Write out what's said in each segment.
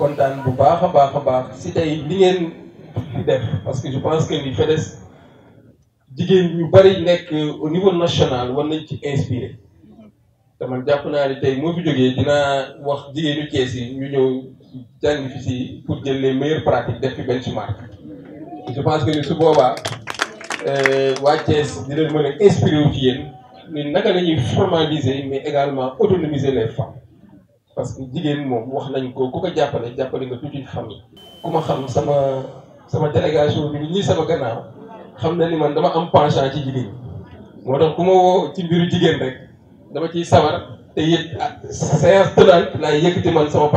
kontaan bu baax a baax a baax si tey li ngeen di def parce que je pense que ni FEDES jigéen ñu bari nekk au niveau national war nañ ci inspiré te man jàpp naa ne tey moo fi jógee dinaa wax jigéenu Thiès yi ñu ñëw jàng fi si pour jël les meilleures pratiques def fi benchmark je pense que ni su boobaa euh, waa Thiès dinañ mën a inspiré wu ci yéen ni naka la ñuy formaliser mais également autonomiser les femmes. parce que jigéen moom wax nañ ko ku ko jàppale jàppale nga toute une famille. ku ma xam sama sama délégation bi ñii sama gannaaw xam na ni man dama am penchant ci jigéen moo tax ku ma ci mbiru jigéen rek dama ciy sawar te it ah, séance tenante laay yëkkati man sama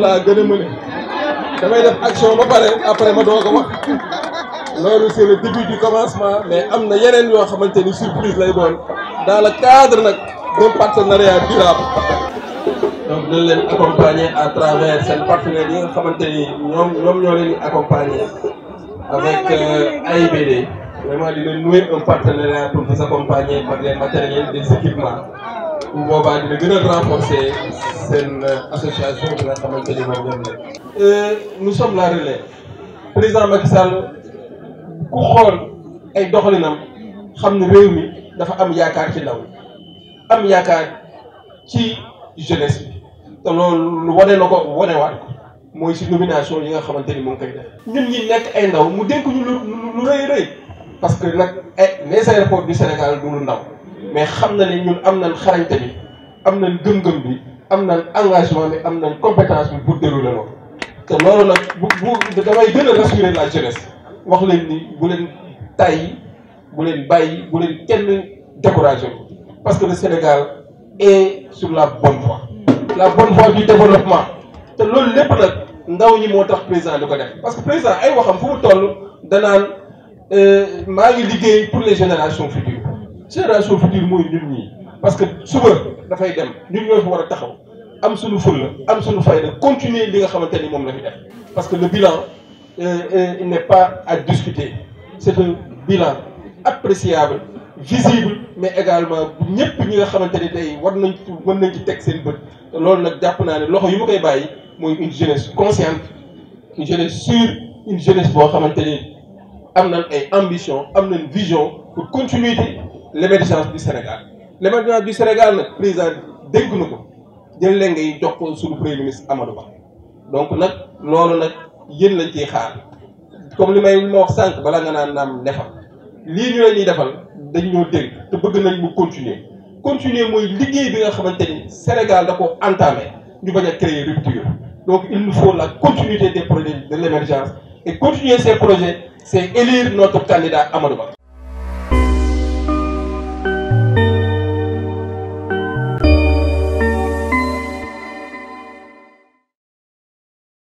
naa gën a mëne damay def action ba pare après ma doog a wax c'est le début du commencement mais il y a une surprise lay dans le cadre d'un partenariat durable. donc de les accompagner à travers cette partenariat nous nga xamante ni ñoo leen accompagner avec euh, AIBD vraiment nouer un partenariat pour vous accompagner par des matériels des équipements Nous boobaa renforcer cette euh, association de la communauté euh, nous sommes la relais président Macky Sall. كخول أي دخلنا خم نبيهم دفع أم يأكل كلاو أم يأكل شيء جلسة تلو الوالد لقى وانا وارك موسى نبينا شو يعني خمن تني ممكن ده نم ينك عندو مودين كن ل ل ل ري ري بس كنك نسا يرحب نسا نكال دولنا ما خمن لين يوم أمن الخارج تني أمن الدم دم بي أمن الانعشمان أمن الكمبيتاس بودرولنا تلو الوالد بب بب ده ما يدل على سيرنا جلسة wax leen ni bu leen tay bu leen bàyyi bu leen kenn découragé parce que le Sénégal est sur la bonne voie la bonne voie du développement te loolu lépp nag ndaw ñi moo tax président du ko def parce que président ay waxam fu mu toll danaan euh, maa ngi liggéey pour les générations futures génération future mooy ñun ñii parce que suba dafay dem ñun ñoo fi war a taxaw am suñu fulla am suñu fayda continuer li nga xamante ni moom la fi def parce que le bilan euh, euh, il n'est pas à discuter. C'est un bilan appréciable, visible, mais également ñëpp ñi nga xamante ne tey war nañ ci mën nañ ci teg seen bët loxo yu une jeunesse consciente une jeunesse sûre une jeunesse qui a une am nañ ay ambition am nañ vision pour continuer l'émergence du Sénégal l'émergence du Sénégal nag président dénk na ko jël leen ngay jox ko suñu premier ministre Amadou donc nous avons yéen lañ ciy xaar comme li may li ma wax sànq bala nga naan naam nefa fa lii ñu leen di defal dañ ñoo dégg te bëgg nañ mu continuer continuer mooy liggéey bi nga xamante ni Sénégal da ko entamé ñu bañ a créer rupture donc il nous faut la continuité des projets de l'urgence et continuer ces projets c'est élire notre candidat Amadou Ba